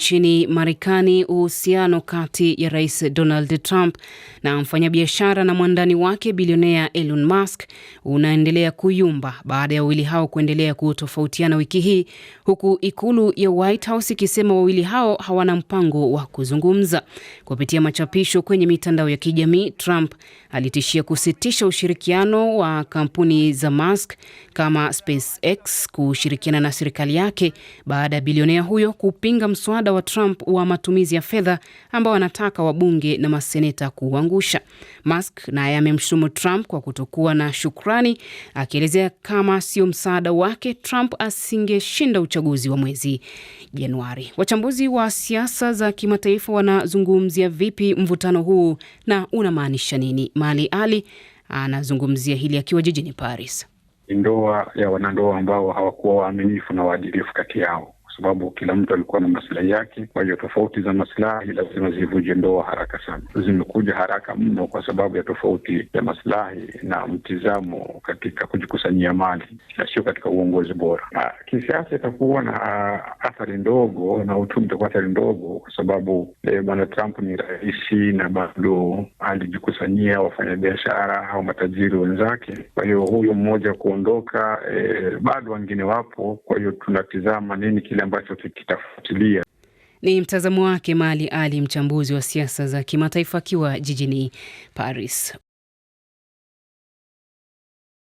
Nchini Marekani, uhusiano kati ya Rais Donald Trump na mfanyabiashara na mwandani wake bilionea Elon Musk unaendelea kuyumba baada ya wawili hao kuendelea kutofautiana wiki hii, huku ikulu ya White House ikisema wawili hao hawana mpango wa kuzungumza. Kupitia machapisho kwenye mitandao ya kijamii, Trump alitishia kusitisha ushirikiano wa kampuni za Musk kama SpaceX kushirikiana na serikali yake baada ya bilionea huyo kupinga mswada mswada wa Trump wa matumizi ya fedha ambao anataka wabunge na maseneta kuuangusha. Musk naye amemshutumu Trump kwa kutokuwa na shukrani, akielezea kama sio msaada wake Trump asingeshinda uchaguzi wa mwezi Januari. Wachambuzi wa siasa za kimataifa wanazungumzia vipi mvutano huu na unamaanisha nini? Mali Ali anazungumzia hili akiwa jijini Paris. Ndoa ya wanandoa ambao hawakuwa waaminifu na waadilifu kati yao sababu kila mtu alikuwa na masilahi yake. Kwa hiyo tofauti za masilahi lazima zivuje ndoa haraka sana, zimekuja haraka mno kwa sababu ya tofauti ya masilahi na mtizamo katika kujikusanyia mali na sio katika uongozi bora. Kisiasa itakuwa na ah, athari ndogo na uchumi itakuwa athari ndogo, kwa sababu eh, bwana Trump ni rahisi na bado alijikusanyia wafanyabiashara au matajiri wenzake. Kwa hiyo huyu mmoja kuondoka, eh, bado wengine wapo. Kwa hiyo tunatizama nini kila ambacho kitafuatilia. Ni mtazamo wake Mali Ali, mchambuzi wa siasa za kimataifa akiwa jijini Paris.